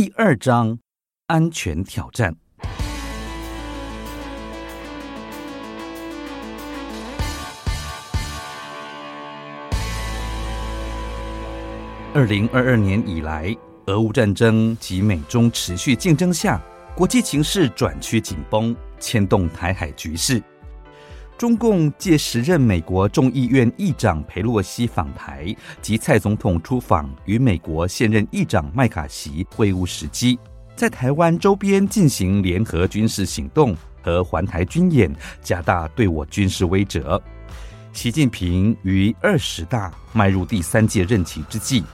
第二章，安全挑戰。二零二二年以來，俄烏戰爭及美中持續競爭下，國際情勢轉趨緊繃，牽動台海局勢。中共借時任美國眾議院議長裴洛西訪台及蔡總統出訪與美國現任議長麥卡錫會晤時機，在臺灣周邊進行聯合軍事行動和環臺軍演，加大對我軍事威懾。習近平於二十大邁入第三屆任期之際，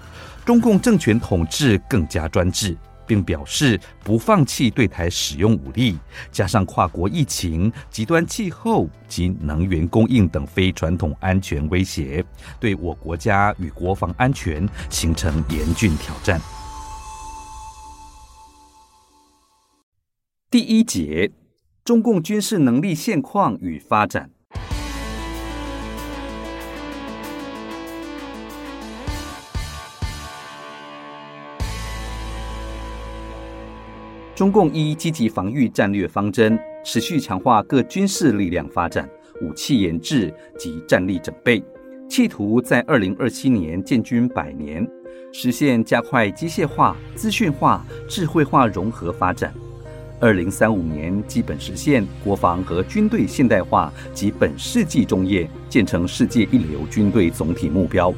中共政權統治更加專制。並表示不放棄對台使用武力，加上跨國疫情、極端氣候及能源供應等非傳統安全威脅，對我國家與國防安全形成嚴峻挑戰。第一節，中共軍事能力現況與發展。中共依積極防御戰略方針，持續強化各軍事力量發展、武器研制及戰力準備，企圖在二零二七年建軍百年，實現加快機械化、資訊化、智慧化融合發展；二零三五年基本實現國防和軍隊現代化，及本世紀中葉建成世界一流軍隊總體目標。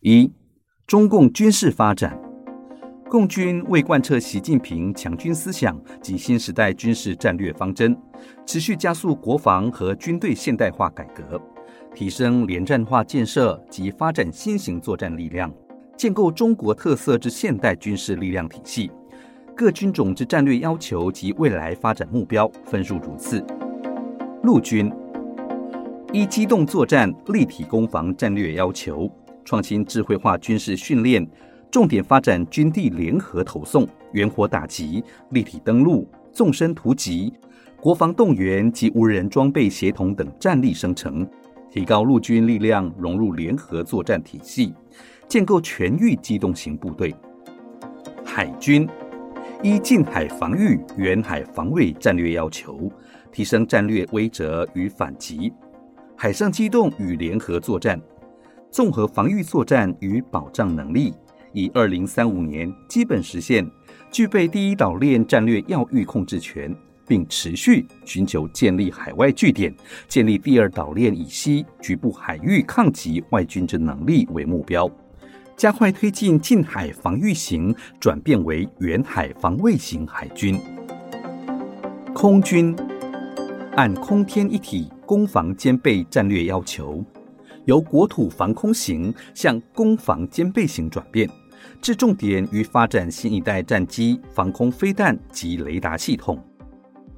一。中共軍事發展，共軍為貫徹習近平強軍思想及新時代軍事戰略方針，持續加速國防和軍隊現代化改革，提升聯戰化建設及發展新型作戰力量，建構中國特色之現代軍事力量體系。各軍種之戰略要求及未來發展目標分述如次，陸軍依機動作戰、立體攻防戰略要求。創新智慧化軍事訓練，重點發展軍地聯合投送、遠火打擊、立體登陸、縱深突擊、國防動員及無人裝備協同等戰力生成，提高陸軍力量融入聯合作戰體系，建構全域機動型部隊。海軍依近海防禦、遠海防衛戰略要求，提升戰略威懾與反擊，海上機動與聯合作戰。綜合防禦作戰與保障能力，以二零三五年基本實現具備第一島鏈戰略要域控制權，並持續尋求建立海外據點，建立第二島鏈以西局部海域抗擊外軍之能力為目標，加快推進近海防禦型轉變為遠海防衛型海軍、空軍，按空天一體、攻防兼備戰略要求，由國土防空型向攻防兼備型轉變，置重點於發展新一代戰機、防空飛彈及雷達系統，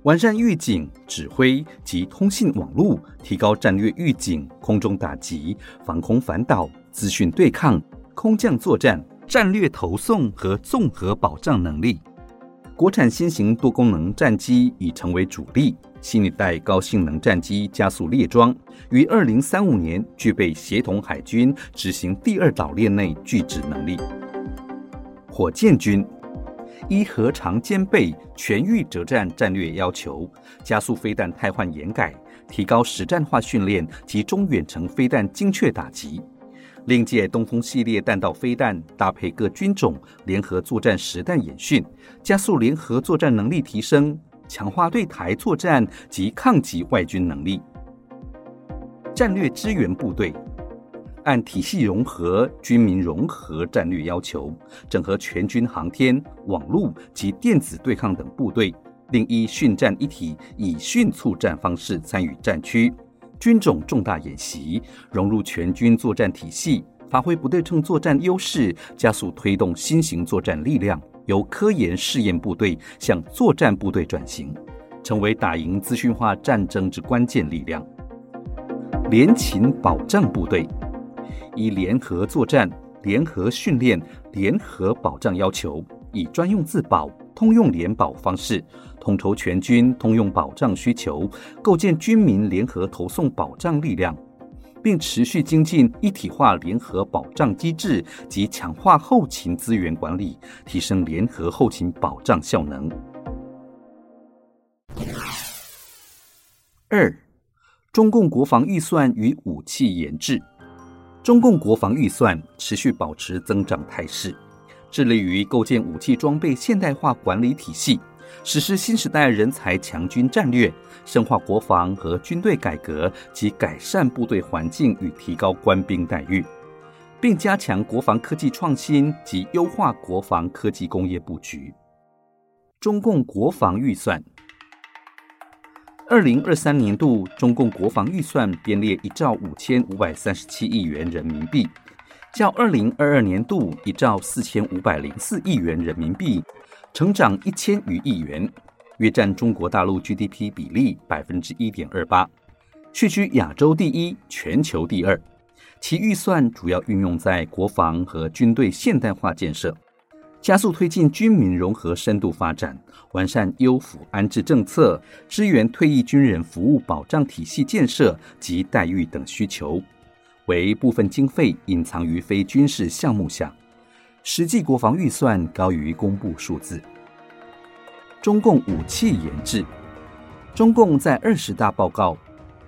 完善預警、指揮及通信網路，提高戰略預警、空中打擊、防空反導、資訊對抗、空降作戰、戰略投送和綜合保障能力。國產新型多功能戰機已成為主力，新一代高性能戰機加速列裝，於二零三五年具備協同海軍執行第二島鏈內拒止能力。火箭軍，依核常兼備，全域懾戰戰略要求，加速飛彈汰換延改，提高實戰化訓練及中遠程飛彈精確打擊。另借東風系列彈道飛彈搭配各軍種聯合作戰實彈演訓，加速聯合作戰能力提升，強化對台作戰及抗擊外軍能力。戰略支援部隊按體系融合、軍民融合戰略要求，整合全軍航天、網路及電子對抗等部隊，另依訓戰一體，以訓促戰方式參與戰區，軍種重大演習融入全軍作戰體系，發揮不對稱作戰優勢，加速推動新型作戰力量由科研試驗部隊向作戰部隊轉型，成為打贏資訊化戰爭之關鍵力量。聯勤保障部隊以聯合作戰、聯合訓練、聯合保障要求，以專用自保、通用聯保方式。統籌全軍通用保障需求，構建軍民聯合投送保障力量，並持續精進一體化聯合保障機制及強化後勤資源管理，提升聯合後勤保障效能。二、中共國防預算與武器研制。中共國防預算持續保持增長態勢，致力於構建武器裝備現代化管理體系。實施新時代人才強軍戰略，深化國防和軍隊改革及改善部隊環境與提高官兵待遇，並加強國防科技創新及優化國防科技工業布局。中共國防預算。二零二三年度中共國防預算編列一兆五千五百三十七億元人民幣，較二零二二年度一兆四千五百零四億元人民幣。成長一千餘億元，約占中國大陸 GDP 比例百分之一點二八，位居亞洲第一、全球第二。其預算主要運用在國防和軍隊現代化建設，加速推進軍民融合深度發展，完善優撫安置政策，支援退役軍人服務保障體系建設及待遇等需求。為部分經費隱藏於非軍事項目下。實際國防預算高於公布數字。中共武器研製，中共在二十大報告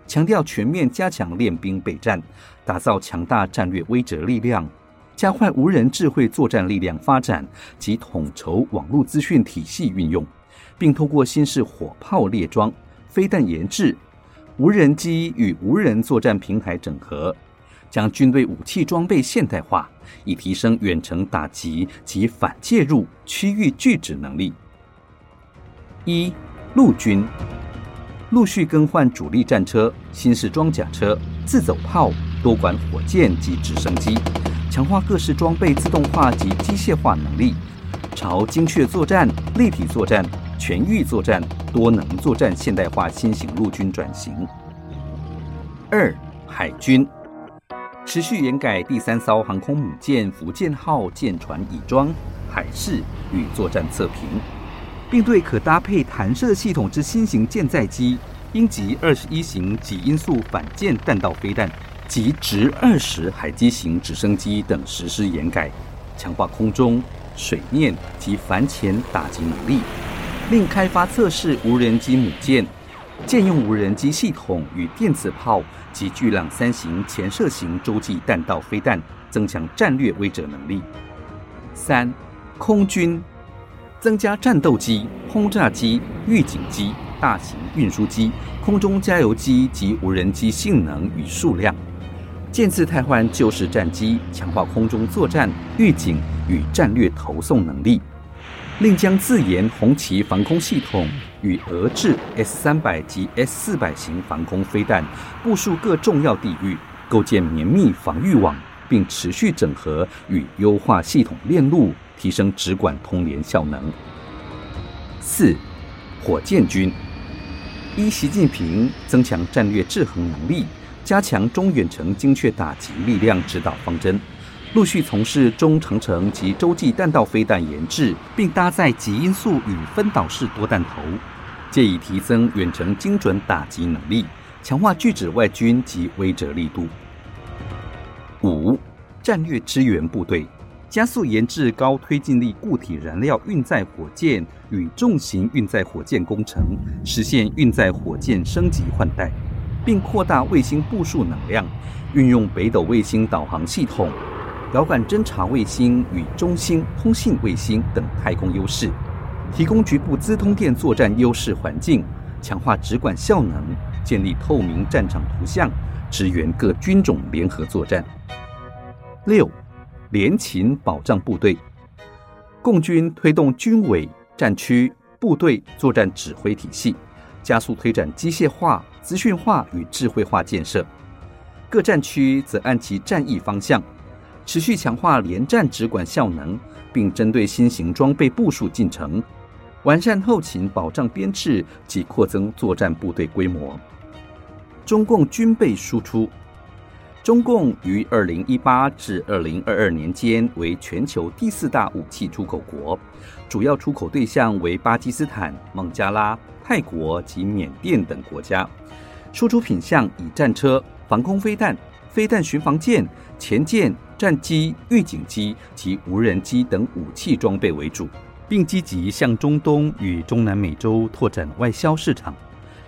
強調全面加強練兵備戰，打造強大戰略威懾力量，加快無人智慧作戰力量發展及統籌網絡資訊體系運用，並透過新式火炮列裝、飛彈研製、無人機與無人作戰平台整合。將軍隊武器裝備現代化，以提升遠程打擊及反介入區域拒止能力。一、陸軍陸續更換主力戰車、新式裝甲車、自走炮、多管火箭及直升機，強化各式裝備自動化及機械化能力，朝精確作戰、立體作戰、全域作戰、多能作戰現代化新型陸軍轉型。二、海軍。持續研改第三艘航空母艦“福建號”艦船已裝、海試與作戰測評，並對可搭配彈射系統之新型艦載機“鷹擊二十一型”極音速反艦彈道飛彈及“直二十海基型”直升機等實施研改，強化空中、水面及反潛打擊能力；另開發測試無人機母艦，艦用無人機系統與電磁炮。及巨浪三型潛射型洲際彈道飛彈，增強戰略威懾能力；三，空軍增加戰鬥機、轟炸機、預警機、大型運輸機、空中加油機及無人機性能與數量；漸次汰換舊式戰機，強化空中作戰、預警與戰略投送能力；另將自研紅旗防空系統。與俄製 S 三百及 S 四百型防空飛彈部署各重要地域，構建綿密防禦網，並持續整合與優化系統鏈路，提升指管通聯效能。四、火箭軍。一，習近平增強戰略制衡能力，加強中遠程精確打擊力量指導方針，陸續從事中長程及洲際彈道飛彈研製，並搭載極音速與分導式多彈頭。借以提升遠程精準打擊能力，強化拒止外軍及威懾力度。五、戰略支援部隊，加速研製高推進力固體燃料運載火箭與重型運載火箭工程，實現運載火箭升級換代，並擴大衛星部署能量。運用北斗衛星導航系統、遙感偵察衛星與中星通信衛星等太空優勢。提供局部資通電作戰優勢環境，強化指管效能，建立透明戰場圖像，支援各軍種聯合作戰。六，聯勤保障部隊，共軍推動軍委戰區部隊作戰指揮體系，加速推展機械化、資訊化與智慧化建設。各戰區則按其戰役方向，持續強化聯戰指管效能，並針對新型裝備部署進程。完善後勤保障編制及擴增作戰部隊規模。中共軍備輸出，中共於二零一八至二零二二年間為全球第四大武器出口國，主要出口對象為巴基斯坦、孟加拉、泰國及緬甸等國家，輸出品項以戰車、防空飛彈、飛彈巡防艦、潛艦、戰機、預警機及無人機等武器裝備為主。並積極向中東與中南美洲拓展外銷市場，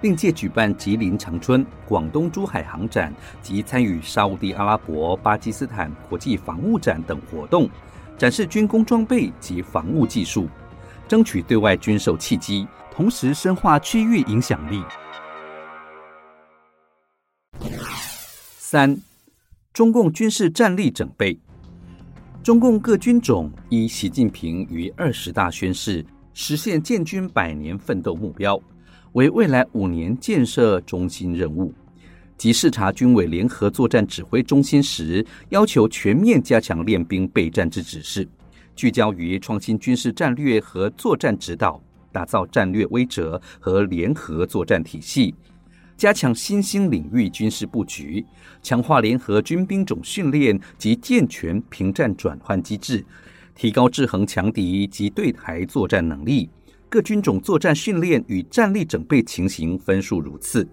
另藉舉辦吉林長春、廣東珠海航展及參與沙烏地阿拉伯、巴基斯坦國際防務展等活動，展示軍工裝備及防務技術，爭取對外軍售契機，同時深化區域影響力。三、中共軍事戰力整備。中共各軍種依習近平於二十大宣示，實現建軍百年奮鬥目標，為未來五年建設中心任務。及視察軍委聯合作戰指揮中心時，要求全面加強練兵備戰之指示，聚焦於創新軍事戰略和作戰指導，打造戰略威懾和聯合作戰體系。加強新興領域軍事布局，強化聯合軍兵種訓練及健全平戰轉換機制，提高制衡強敵及對台作戰能力。各軍種作戰訓練與戰力整備情形分數如次：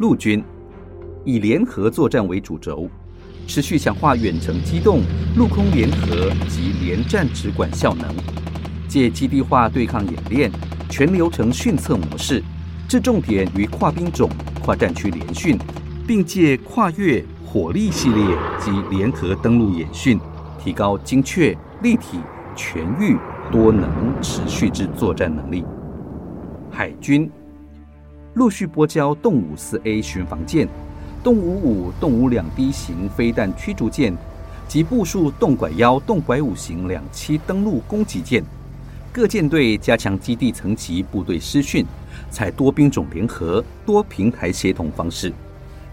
陸軍以聯合作戰為主軸，持續強化遠程機動、陸空聯合及聯戰指管效能，借基地化對抗演練、全流程訓測模式，這重點與跨兵種、跨戰區聯訓，並借跨越火力系列及聯合登陸演訓，提高精確、立體、全域、多能、持續之作戰能力。海軍陸續撥交動五四 A 巡防艦、動五五、動五兩 D 型飛彈驅逐艦及部署動拐幺、動拐五型兩棲登陸攻擊艦，各艦隊加強基地層級部隊施訓。採多兵種聯合、多平台協同方式，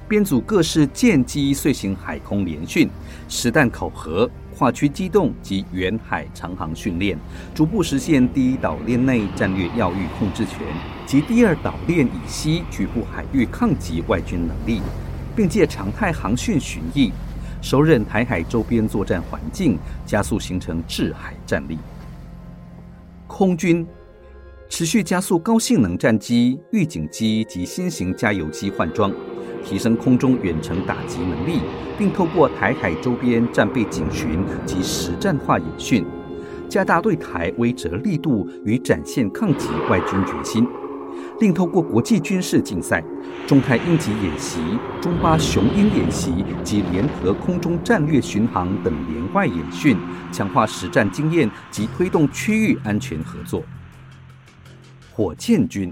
編組各式艦機遂行海空聯訓、實彈考核、跨區機動及遠海長航訓練，逐步實現第一島鏈內戰略要域控制權及第二島鏈以西局部海域抗擊外軍能力，並借常態航訓巡弋，熟稔台海周邊作戰環境，加速形成制海戰力。空軍。持續加速高性能戰機、預警機及新型加油機換裝，提升空中遠程打擊能力，並透過台海周邊戰備警巡及實戰化演訓，加大對台威懾力度與展現抗擊外軍決心；另透過國際軍事競賽、中泰應急演習、中巴雄鷹演習及聯合空中戰略巡航等聯外演訓，強化實戰經驗及推動區域安全合作。火箭軍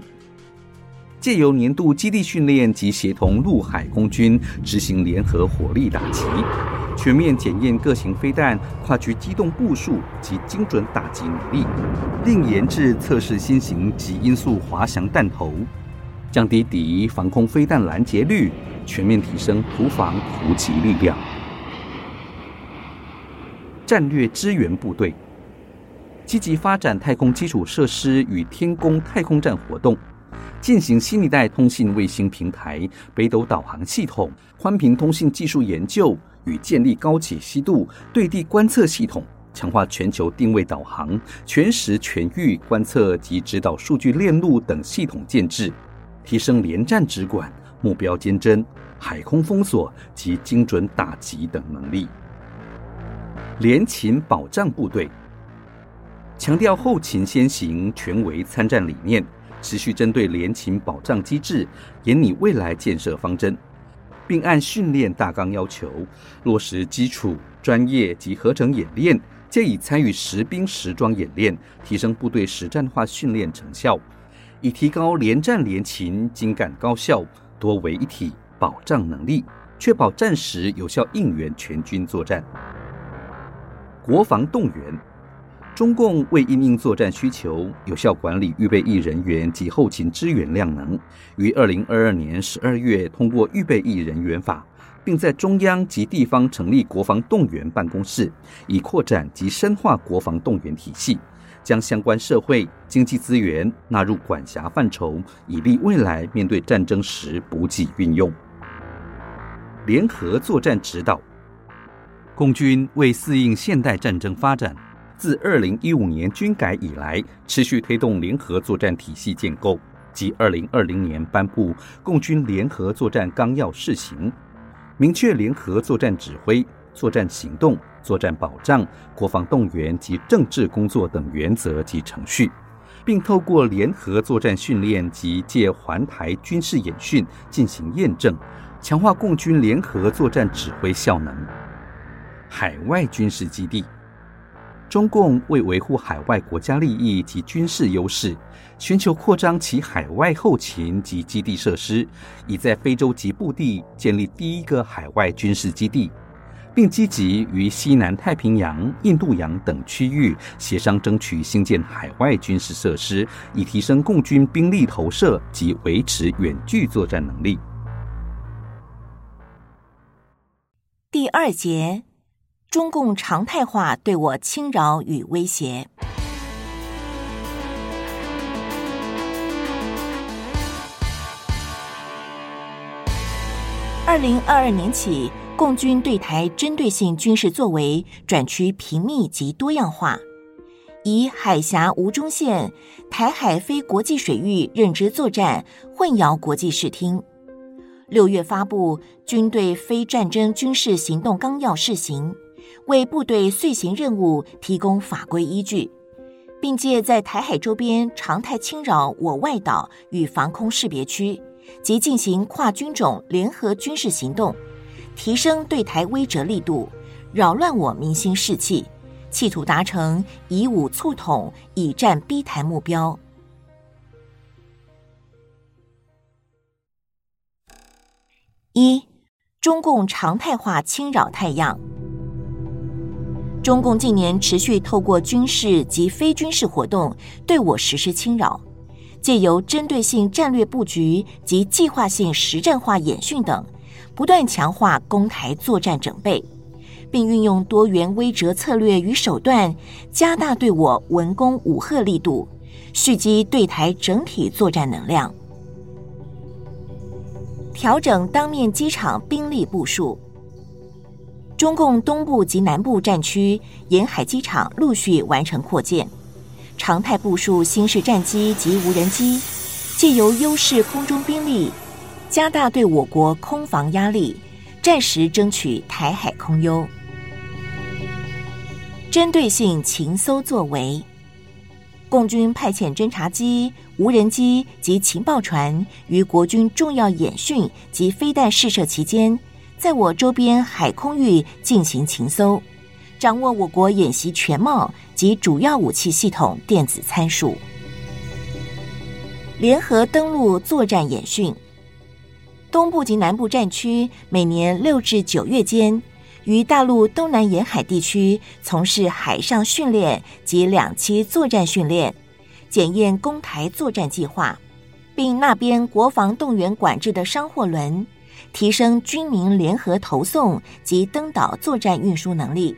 借由年度基地訓練及協同陸海空軍執行聯合火力打擊，全面檢驗各型飛彈跨區機動部署及精準打擊能力；另研制測試新型及音速滑翔彈頭，降低敵防空飛彈攔截率，全面提升突防突擊力量。戰略支援部隊。積極發展太空基礎設施與天宮太空站活動，進行新一代通信衛星平台、北斗導航系統、寬頻通信技術研究與建立高解析度對地觀測系統，強化全球定位導航、全時全域觀測及指導數據鏈路等系統建制，提升聯戰指管、目標監偵、海空封鎖及精準打擊等能力。聯勤保障部隊。強調後勤先行、全維參戰理念，持續針對聯勤保障機制，研擬未來建設方針，並按訓練大綱要求落實基礎、專業及合成演練，借以參與實兵實裝演練，提升部隊實戰化訓練成效，以提高聯戰聯勤精幹高效、多維一體保障能力，確保戰時有效應援全軍作戰。國防動員。中共為因應作戰需求，有效管理預備役人員及後勤支援量能，於二零二二年十二月通過《預備役人員法》，並在中央及地方成立國防動員辦公室，以擴展及深化國防動員體系，將相關社會經濟資源納入管轄範疇，以利未來面對戰爭時補給運用。聯合作戰指導，共軍為適應現代戰爭發展。自二零一五年軍改以來，持續推動聯合作戰體系建構，及二零二零年頒布《共軍聯合作戰綱要》試行，明確聯合作戰指揮、作戰行動、作戰保障、國防動員及政治工作等原則及程序，並透過聯合作戰訓練及借環台軍事演訓進行驗證，強化共軍聯合作戰指揮效能。海外軍事基地。中共為維護海外國家利益及軍事優勢，尋求擴張其海外後勤及基地設施，已在非洲吉布地建立第一個海外軍事基地，並積極與西南太平洋、印度洋等區域協商，爭取興建海外軍事設施，以提升共軍兵力投射及維持遠距作戰能力。第二節。中共常態化對我侵擾與威脅。二零二二年起，共軍對台針對性軍事作為轉趨頻密及多樣化，以海峽無中線、台海非國際水域認知作戰，混淆國際視聽。六月發布《軍隊非戰爭軍事行動綱要》試行。為部隊遂行任務提供法規依據，並借在台海周邊常態侵擾我外島與防空識別區，及進行跨軍種聯合軍事行動，提升對台威懾力度，擾亂我民心士氣，企圖達成以武促統、以戰逼台目標。一，中共常態化侵擾態樣。中共近年持續透過軍事及非軍事活動對我實施侵擾，借由針對性戰略布局及計劃性實戰化演訓等，不斷強化攻台作戰整備，並運用多元威懾策略與手段，加大對我文攻武嚇力度，蓄積對台整體作戰能量，調整當面機場兵力部署。中共東部及南部戰區沿海機場陸續完成擴建，常態部署新式戰機及無人機，借由優勢空中兵力，加大對我國空防壓力，戰時爭取台海空優。針對性情搜作為，共軍派遣偵察機、無人機及情報船於國軍重要演訓及飛彈試射期間。在我周邊海空域進行情搜，掌握我國演習全貌及主要武器系統電子參數。聯合登陸作戰演訓，東部及南部戰區每年六至九月間，於大陸東南沿海地區從事海上訓練及兩棲作戰訓練，檢驗攻台作戰計劃，並那邊國防動員管制的商貨輪。提升軍民聯合投送及登島作戰運輸能力，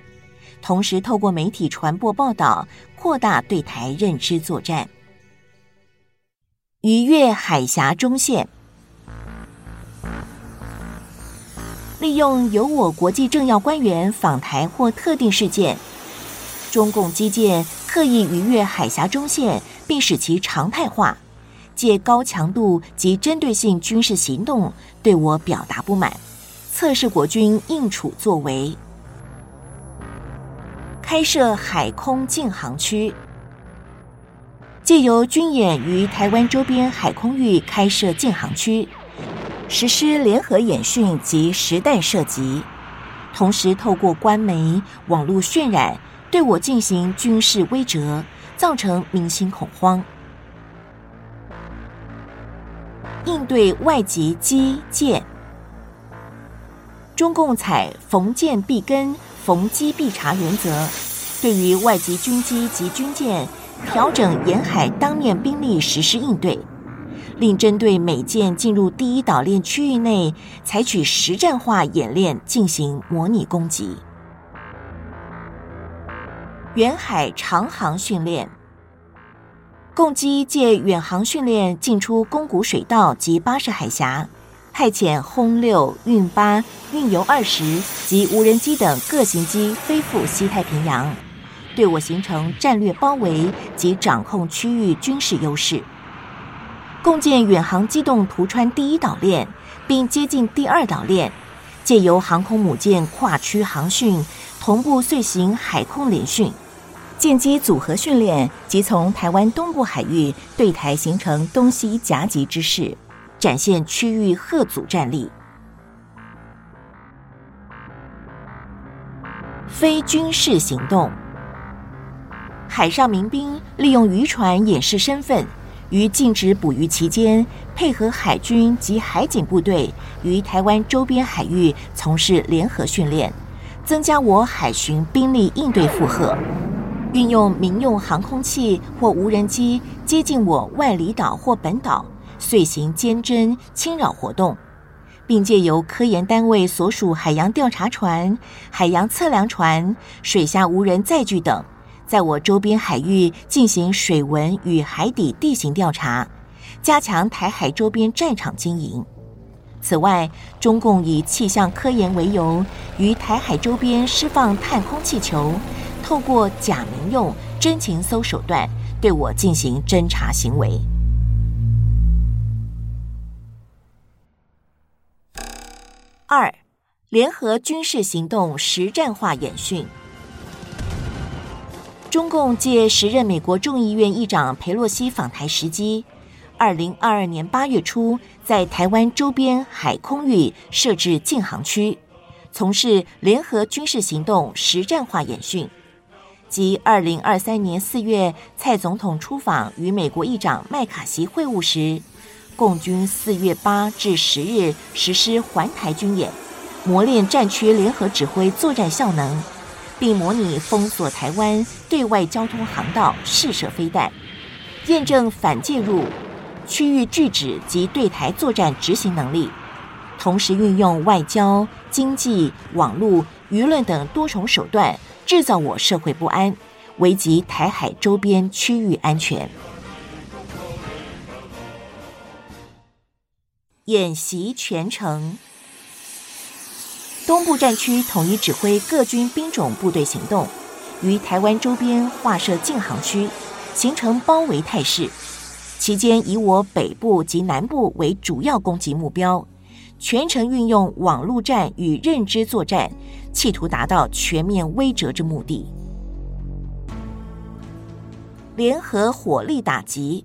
同時透過媒體傳播報道，擴大對臺認知作戰。逾越海峽中線，利用有我國際政要官員訪臺或特定事件，中共機艦刻意逾越海峽中線，並使其常態化。借高強度及針對性軍事行動對我表達不滿，測試國軍應處作為，開設海空禁航區。借由軍演於台灣周邊海空域開設禁航區，實施聯合演訓及實彈射擊，同時透過官媒、網絡渲染對我進行軍事威懾，造成民心恐慌。應對外籍機艦，中共採逢艦必跟、逢機必查原則，對於外籍軍機及軍艦，調整沿海當面兵力實施應對；另針對美艦進入第一島鏈區域內，採取實戰化演練進行模擬攻擊，遠海長航訓練。共機借遠航訓練進出宮古水道及巴士海峽，派遣轟六、運八、運油二十及無人機等各型機飛赴西太平洋，對我形成戰略包圍及掌控區域軍事優勢。共軍遠航機動突穿第一島鏈，並接近第二島鏈，借由航空母艦跨區航訓，同步遂行海空聯訓。艦機組合訓練即從台灣東部海域對台形成東西夾擊之勢，展現區域嚇阻戰力。非軍事行動，海上民兵利用漁船掩飾身份，於禁止捕魚期間配合海軍及海警部隊於台灣周邊海域從事聯合訓練，增加我海巡兵力應對負荷。運用民用航空器或無人機接近我外離島或本島，遂行監偵侵擾活動，並借由科研單位所屬海洋調查船、海洋測量船、水下無人載具等，在我周邊海域進行水文與海底地形調查，加強台海周邊戰場經營。此外，中共以氣象科研為由，於台海周邊釋放探空氣球。透過假民用、真情搜手段對我進行偵查行為。二，聯合軍事行動實戰化演訓。中共借時任美國眾議院議長裴洛西訪台時機，二零二二年八月初，在台灣周邊海空域設置禁航區，從事聯合軍事行動實戰化演訓。即二零二三年四月，蔡總統出訪與美國議長麥卡錫會晤時，共軍四月八至十日實施環台軍演，磨練戰區聯合指揮作戰效能，並模擬封鎖台灣對外交通航道、試射飛彈，驗證反介入、區域拒止及對台作戰執行能力，同時運用外交、經濟、網路、輿論等多重手段。製造我社會不安，危及台海周邊區域安全。演習全程，東部戰區統一指揮各軍兵種部隊行動，於台灣周邊劃設禁航區，形成包圍態勢。其間以我北部及南部為主要攻擊目標。全程運用網絡戰與認知作戰，企圖達到全面威懾之目的。聯合火力打擊，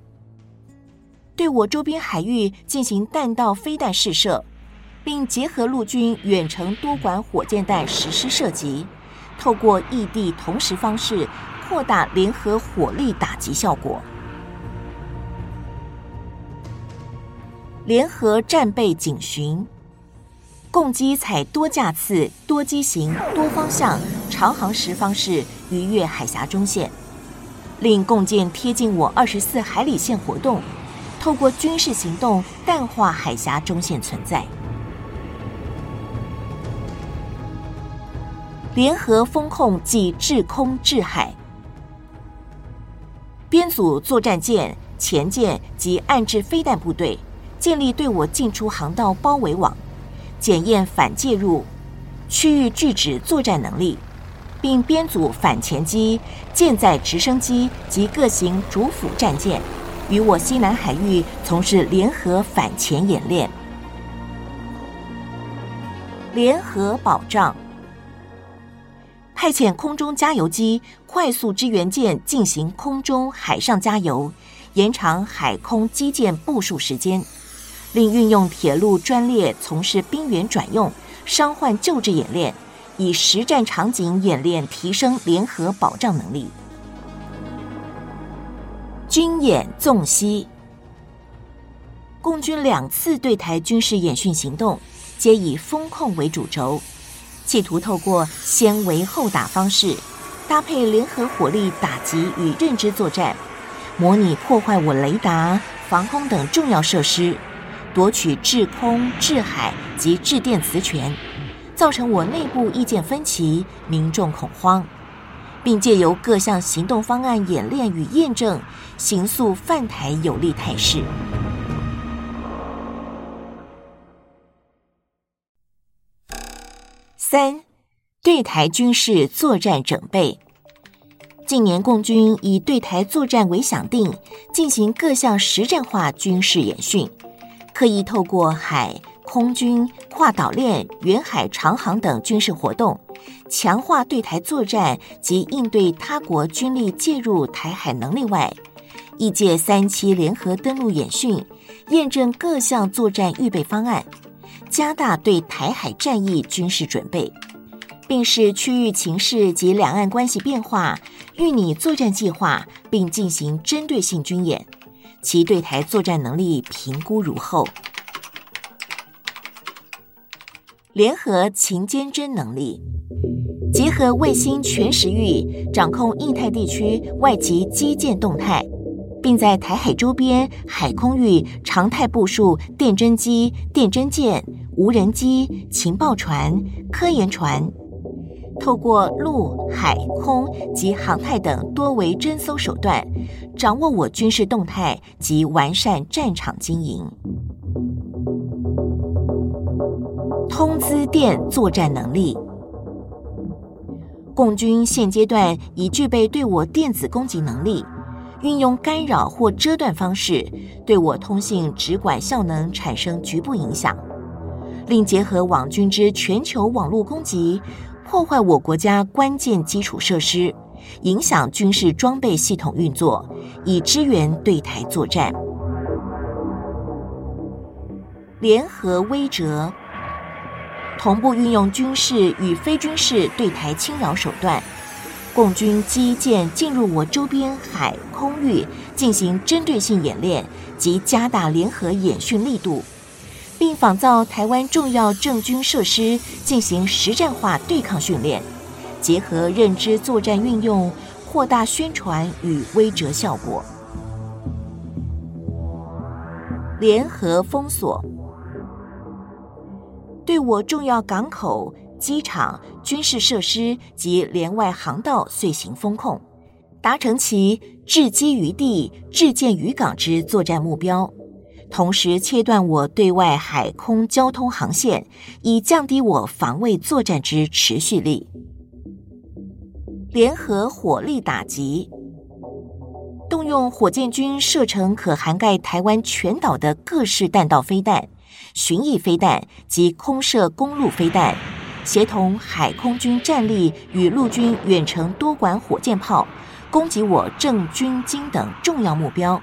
對我周邊海域進行彈道飛彈試射，並結合陸軍遠程多管火箭彈實施射擊，透過異地同時方式擴大聯合火力打擊效果。聯合戰備警巡，共機採多架次、多機型、多方向、長航時方式逾越海峽中線，令共艦貼近我二十四海里線活動，透過軍事行動淡化海峽中線存在。聯合封控及制空制海，編組作戰艦、潛艦及岸置飛彈部隊。建立對我進出航道包圍網，檢驗反介入、區域拒止作戰能力，並編組反潛機、艦載直升機及各型主輔戰艦，與我西南海域從事聯合反潛演練。聯合保障，派遣空中加油機、快速支援艦進行空中、海上加油，延長海空機艦部署時間。並運用鐵路專列從事兵員轉運、傷患救治演練，以實戰場景演練提升聯合保障能力。軍演綜析，共軍兩次對台軍事演訓行動，皆以封控為主軸，企圖透過先圍後打方式，搭配聯合火力打擊與認知作戰，模擬破壞我雷達、防空等重要設施，奪取制空、制海及制電磁權，造成我內部意見分歧、民眾恐慌，並借由各項行動方案演練與驗證，形塑犯臺有利態勢。三、對台軍事作戰整備。近年，共軍以對台作戰為想定，進行各項實戰化軍事演訓。刻意透過海空軍跨島鏈、遠海長航等軍事活動，強化對台作戰及應對他國軍力介入台海能力外，亦藉三期聯合登陸演訓，驗證各項作戰預備方案，加大對台海戰役軍事準備，並視區域情勢及兩岸關係變化，預擬作戰計劃，並進行針對性軍演。其對台作戰能力評估如後：聯合情監偵能力，結合衛星全時域掌控印太地區外籍基建動態，並在台海周邊海空域常態部署電偵機、電偵艦、無人機、情報船、科研船。透過陸、海、空及航太等多維偵搜手段，掌握我軍事動態及完善戰場經營，通資電作戰能力。共軍現階段已具備對我電子攻擊能力，運用干擾或遮斷方式，對我通信指管效能產生局部影響。另結合網軍之全球網絡攻擊。破壞我國家關鍵基礎設施，影響軍事裝備系統運作，以支援對臺作戰。聯合威懾，同步運用軍事與非軍事對臺侵擾手段。共軍機艦進入我周邊海空域，進行針對性演練及加大聯合演訓力度。並仿造臺灣重要政軍設施進行實戰化對抗訓練，結合認知作戰運用，擴大宣傳與威懾效果。聯合封鎖，對我重要港口、機場、軍事設施及聯外航道遂行封控，達成其制機於地、制艦於港之作戰目標。同時切斷我對外海空交通航線，以降低我防衛作戰之持續力。聯合火力打擊，動用火箭軍射程可涵蓋台灣全島的各式彈道飛彈、巡弋飛彈及空射公路飛彈，協同海空軍戰力與陸軍遠程多管火箭炮，攻擊我政軍經等重要目標。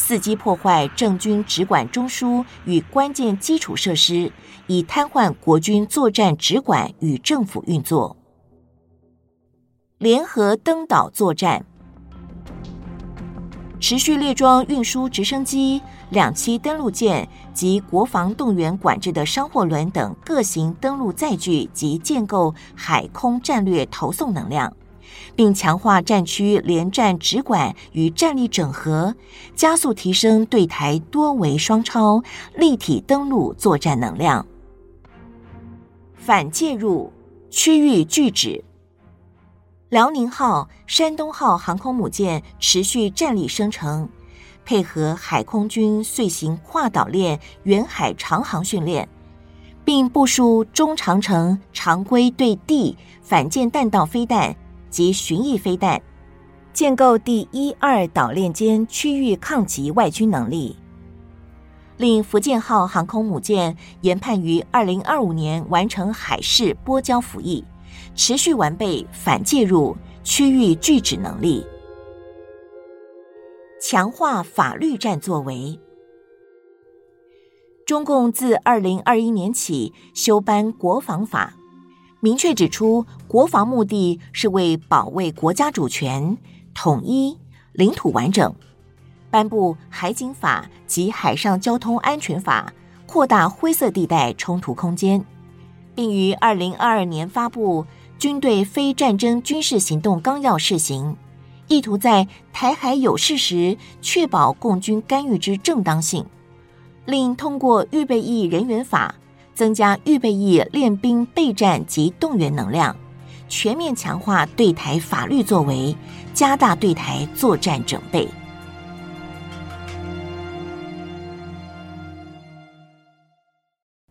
伺機破壞政軍指管中樞與關鍵基礎設施，以癱瘓國軍作戰指管與政府運作。聯合登島作戰，持續列裝運輸直升機、兩棲登陸艦及國防動員管制的商貨輪等各型登陸載具及建構海空戰略投送能量。並強化戰區聯戰指管與戰力整合，加速提升對台多維雙超立體登陸作戰能量。反介入區域拒止，遼寧號、山東號航空母艦持續戰力生成，配合海空軍遂行跨島鏈、遠海長航訓練，並部署中長程常規對地反艦彈道飛彈及巡弋飛彈，建構第一二島鏈間區域抗擊外軍能力。令福建號航空母艦研判於二零二五年完成海試撥交服役，持續完備反介入區域拒止能力，強化法律戰作為。中共自二零二一年起修頒國防法。明確指出，國防目的是為保衛國家主權、統一、領土完整。頒布《海警法》及《海上交通安全法》，擴大灰色地帶衝突空間，並於二零二二年發布《軍隊非戰爭軍事行動綱要》試行，意圖在台海有事時確保共軍干預之正當性。另通過《預備役人員法》。增加預備役練兵備戰及動員能量，全面強化對臺法律作為，加大對臺作戰準備。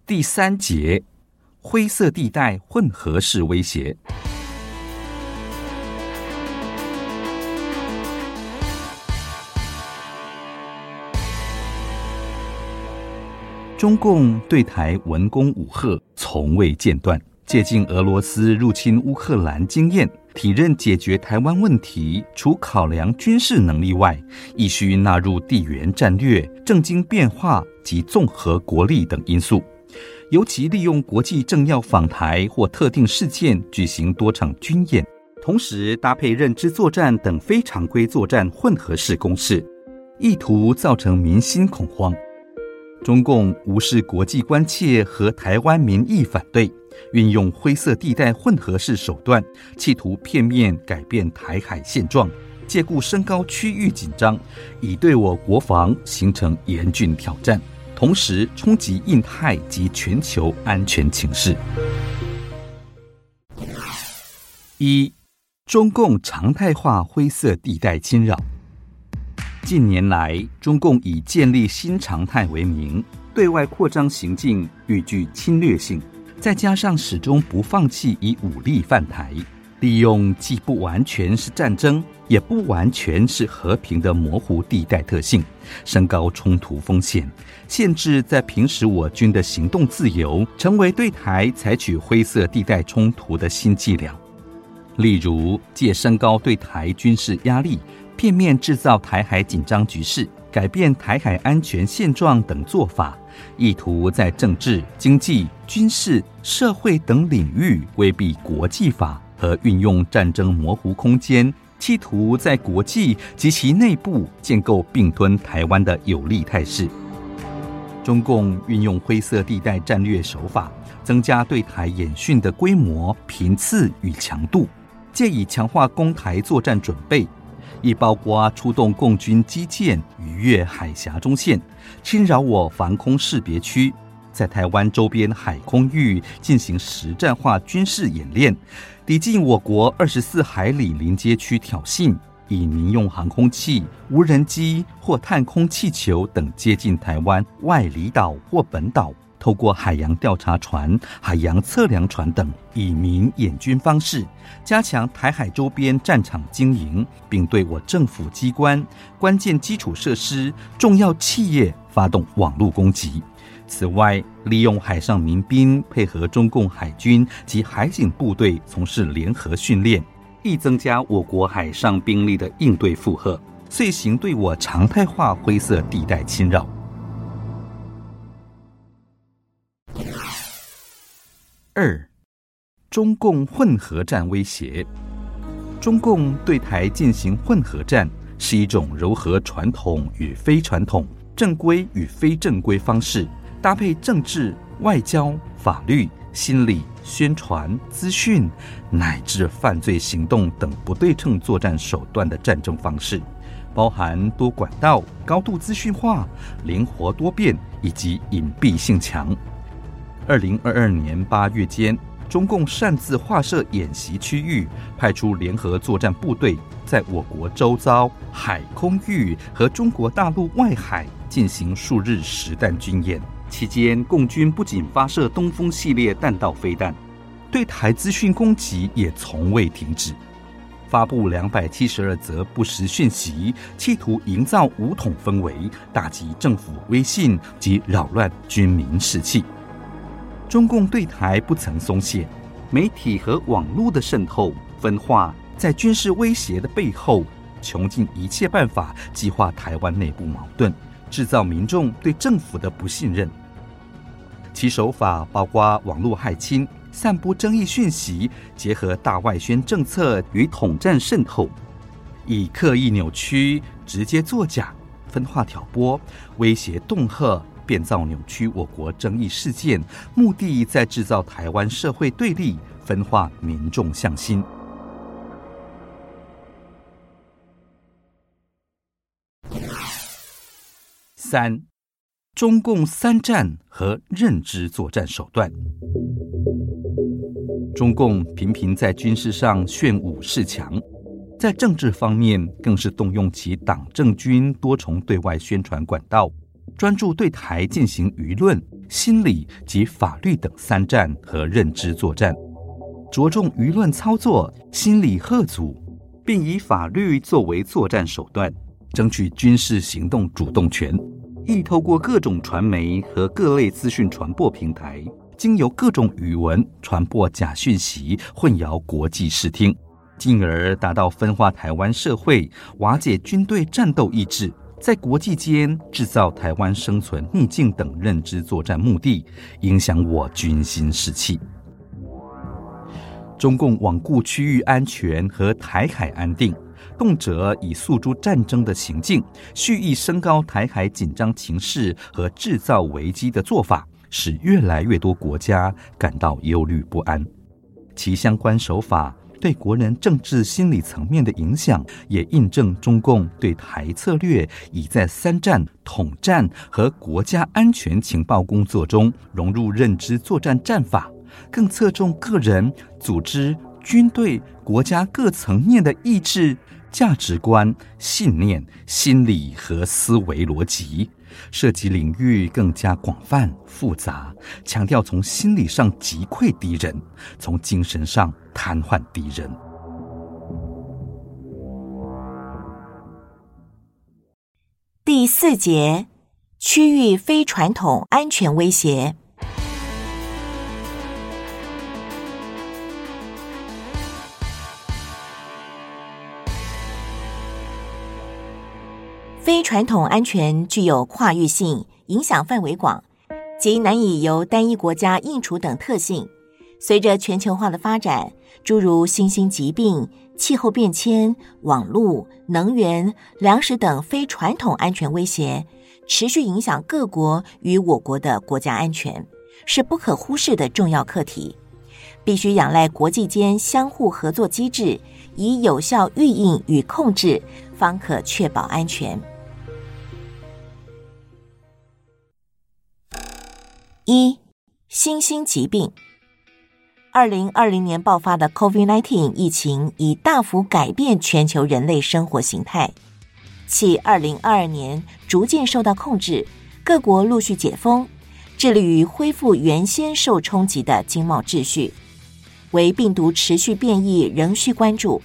第三節，灰色地帶混合式威脅。中共對台文攻武嚇從未間斷，借鑑俄羅斯入侵烏克蘭經驗，體認解決台灣問題除考量軍事能力外，亦需納入地緣戰略、政經變化及綜合國力等因素。尤其利用國際政要訪台或特定事件舉行多場軍演，同時搭配認知作戰等非常規作戰混合式攻勢，意圖造成民心恐慌。中共無視國際關切和臺灣民意反對，運用灰色地帶混合式手段，企圖片面改變臺海現狀，借故升高區域緊張，以對我國防形成嚴峻挑戰，同時衝擊印太及全球安全情勢。一、中共常態化灰色地帶侵擾。近年來，中共以建立新常態為名，對外擴張行徑愈具侵略性，再加上始終不放棄以武力犯台，利用既不完全是戰爭，也不完全是和平的模糊地帶特性，升高衝突風險，限制在平時我軍的行動自由，成為對台採取灰色地帶衝突的新伎倆。例如，借升高對台軍事壓力。片面製造臺海緊張局勢、改變臺海安全現狀等做法，意圖在政治、經濟、軍事、社會等領域規避國際法和運用戰爭模糊空間，企圖在國際及其內部建構併吞臺灣的有利態勢。中共運用灰色地帶戰略手法，增加對臺演訓的規模、頻次與強度，借以強化攻台作戰準備。亦包括出動共軍機艦逾越海峽中線，侵擾我防空識別區，在台灣周邊海空域進行實戰化軍事演練，抵近我國二十四海里鄰接區挑釁，以民用航空器、無人機或探空氣球等接近台灣外離島或本島。透過海洋調查船、海洋測量船等以民掩軍方式，加強台海周邊戰場經營，並對我政府機關、關鍵基礎設施、重要企業發動網絡攻擊。此外，利用海上民兵配合中共海軍及海警部隊從事聯合訓練，亦增加我國海上兵力的應對負荷，遂行對我常態化灰色地帶侵擾。二，中共混合戰威脅。中共對臺進行混合戰，是一種糅合傳統與非傳統、正規與非正規方式，搭配政治、外交、法律、心理、宣傳、資訊，乃至犯罪行動等不對稱作戰手段的戰爭方式，包含多管道、高度資訊化、靈活多變以及隱蔽性強。二零二二年八月間，中共擅自劃設演習區域，派出聯合作戰部隊在我國周遭海空域和中國大陸外海進行數日實彈軍演。期間，共軍不僅發射東風系列彈道飛彈，對臺資訊攻擊也從未停止，發布兩百七十二則不實訊息，企圖營造武統氛圍，打擊政府威信及擾亂軍民士氣。中共對台不曾鬆懈，媒體和網絡的滲透、分化，在軍事威脅的背後，窮盡一切辦法激化台灣內部矛盾，制造民眾對政府的不信任。其手法包括網絡駭侵、散布爭議訊息，結合大外宣政策與統戰滲透，以刻意扭曲、直接作假、分化挑撥、威脅恫嚇。變造扭曲我國爭議事件，目的在制造台灣社會對立、分化民眾向心。三、中共三戰和認知作戰手段。中共頻頻在軍事上炫武示強，在政治方面更是動用其黨政軍多重對外宣傳管道。專注對台進行輿論、心理及法律等三戰和認知作戰，着重輿論操作、心理嚇阻，並以法律作為作戰手段，爭取軍事行動主動權。亦透過各種傳媒和各類資訊傳播平台，經由各種語文傳播假訊息，混淆國際視聽，進而達到分化台灣社會、瓦解軍隊戰鬥意志。在國際間製造臺灣生存逆境等認知作戰目的，影響我軍心士氣。中共罔顧區域安全和台海安定，動輒以訴諸戰爭的行徑，蓄意升高台海緊張情勢和製造危機的做法，使越來越多國家感到憂慮不安。其相關手法，對國人政治心理層面的影響，也印證中共對台策略已在三戰、統戰和國家安全情報工作中融入認知作戰戰法，更側重個人、組織、軍隊、國家各層面的意志、價值觀、信念、心理和思維邏輯。涉及領域更加廣泛、複雜，強調從心理上擊潰敵人，從精神上癱瘓敵人。第四節，區域非傳統安全威脅。非傳統安全具有跨域性、影響範圍廣、及難以由單一國家應處等特性。隨着全球化的發展，諸如新興疾病、氣候變遷、網絡、能源、糧食等非傳統安全威脅，持續影響各國與我國的國家安全，是不可忽視的重要課題。必須仰賴國際間相互合作機制，以有效預應與控制，方可確保安全。一、新興疾病。二零二零年爆發的 COVID-19 疫情已大幅改變全球人類生活形態。繼二零二二年逐漸受到控制，各國陸續解封，致力於恢復原先受衝擊的經貿秩序。惟病毒持續變異，仍需關注。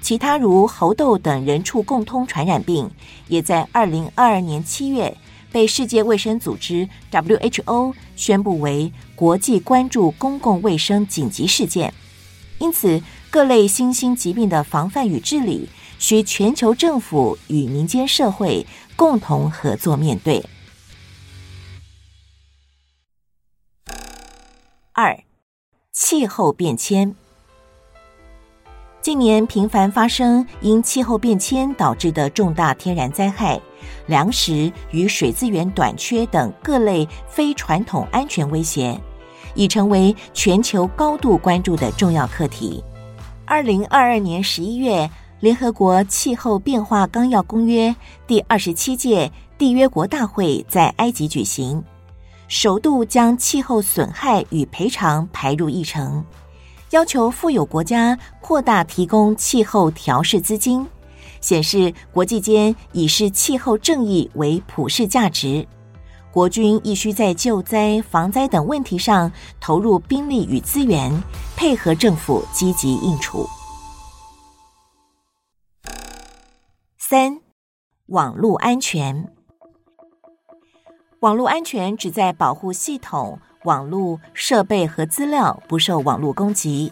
其他如猴痘等人畜共通傳染病，也在二零二二年七月。被世界衛生組織 （WHO） 宣布為國際關注公共衛生緊急事件，因此各類新興疾病的防範與治理需全球政府與民間社會共同合作面對。二、氣候變遷。近年頻繁發生因氣候變遷導致的重大天然災害、糧食與水資源短缺等各類非傳統安全威脅，已成為全球高度關注的重要課題。二零二二年十一月，聯合國氣候變化綱要公約第二十七屆締約國大會在埃及舉行，首度將氣候損害與賠償排入議程。要求富有國家擴大提供氣候調適資金，顯示國際間已視氣候正義為普世價值。國軍亦需在救災、防災等問題上投入兵力與資源，配合政府積極應處。三，網絡安全。網絡安全旨在保護系統。網絡設備和資料不受網絡攻擊。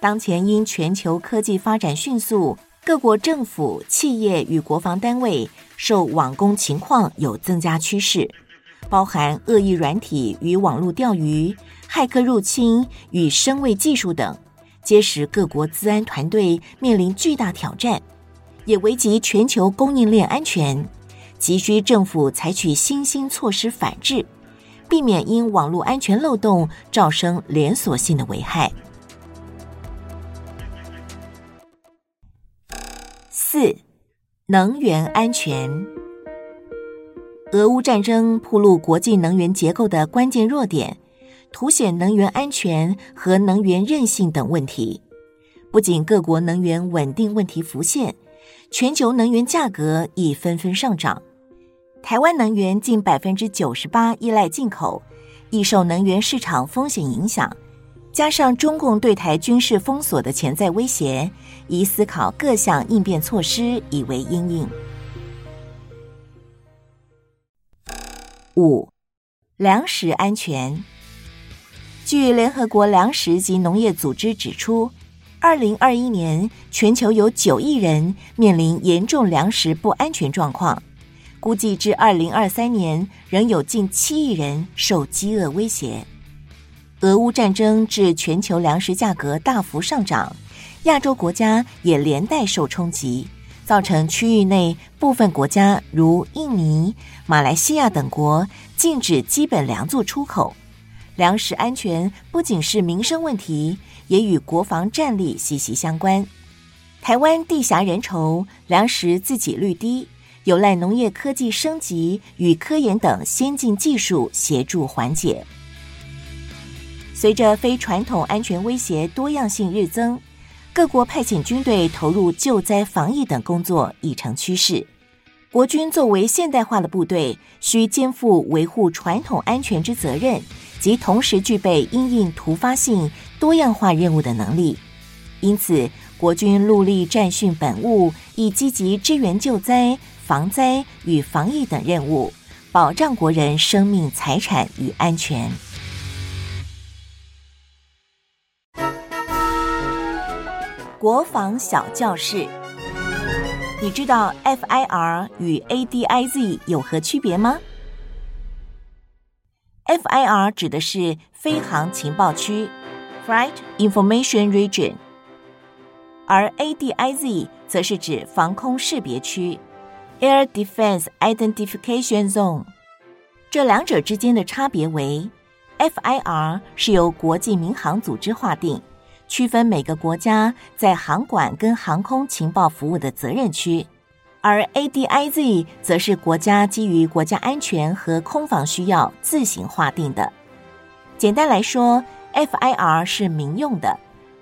當前因全球科技發展迅速，各國政府、企業與國防單位受網攻情況有增加趨勢，包含惡意軟體與網絡釣魚、駭客入侵與深偽技術等，皆使各國資安團隊面臨巨大挑戰，也危及全球供應鏈安全，急需政府採取新興措施反制。避免因網絡安全漏洞造成連鎖性的危害。四、能源安全。俄烏戰爭暴露國際能源結構的關鍵弱點，凸顯能源安全和能源韌性等問題。不僅各國能源穩定問題浮現，全球能源價格已紛紛上漲。台灣能源近百分之九十八依賴進口，易受能源市場風險影響，加上中共對台軍事封鎖的潛在威脅，宜思考各項應變措施以為因應。五、糧食安全。據聯合國糧食及農業組織指出，二零二一年全球有九億人面臨嚴重糧食不安全狀況。估計至二零二三年，仍有近七億人受饑餓威脅。俄烏戰爭致全球糧食價格大幅上漲，亞洲國家也連帶受衝擊，造成區域內部分國家如印尼、馬來西亞等國禁止基本糧作出口。糧食安全不僅是民生問題，也與國防戰力息息相關。台灣地狹人稠，糧食自給率低。有賴農業科技升級與科研等先進技術協助緩解。隨着非傳統安全威脅多樣性日增，各國派遣軍隊投入救災、防疫等工作已成趨勢。國軍作為現代化的部隊，需肩負維護傳統安全之責任，及同時具備因應突發性多樣化任務的能力。因此，國軍戮力戰訓本務亦積極支援救災。防災與防疫等任務，保障國人生命財產與安全。國防小教室，你知道 FIR 與 ADIZ 有何區別嗎？FIR 指的是飛航情報區 （Flight Information Region），而 ADIZ 則是指防空識別區。Air Defense Identification Zone，這兩者之間的差別為：FIR 是由國際民航組織劃定，區分每個國家在航管跟航空情報服務的責任區；而 ADIZ 則是國家基於國家安全和空防需要自行劃定的。簡單來說，FIR 是民用的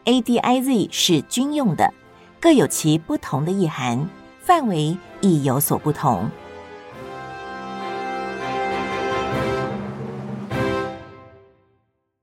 ，ADIZ 是軍用的，各有其不同的意涵。範圍亦有所不同。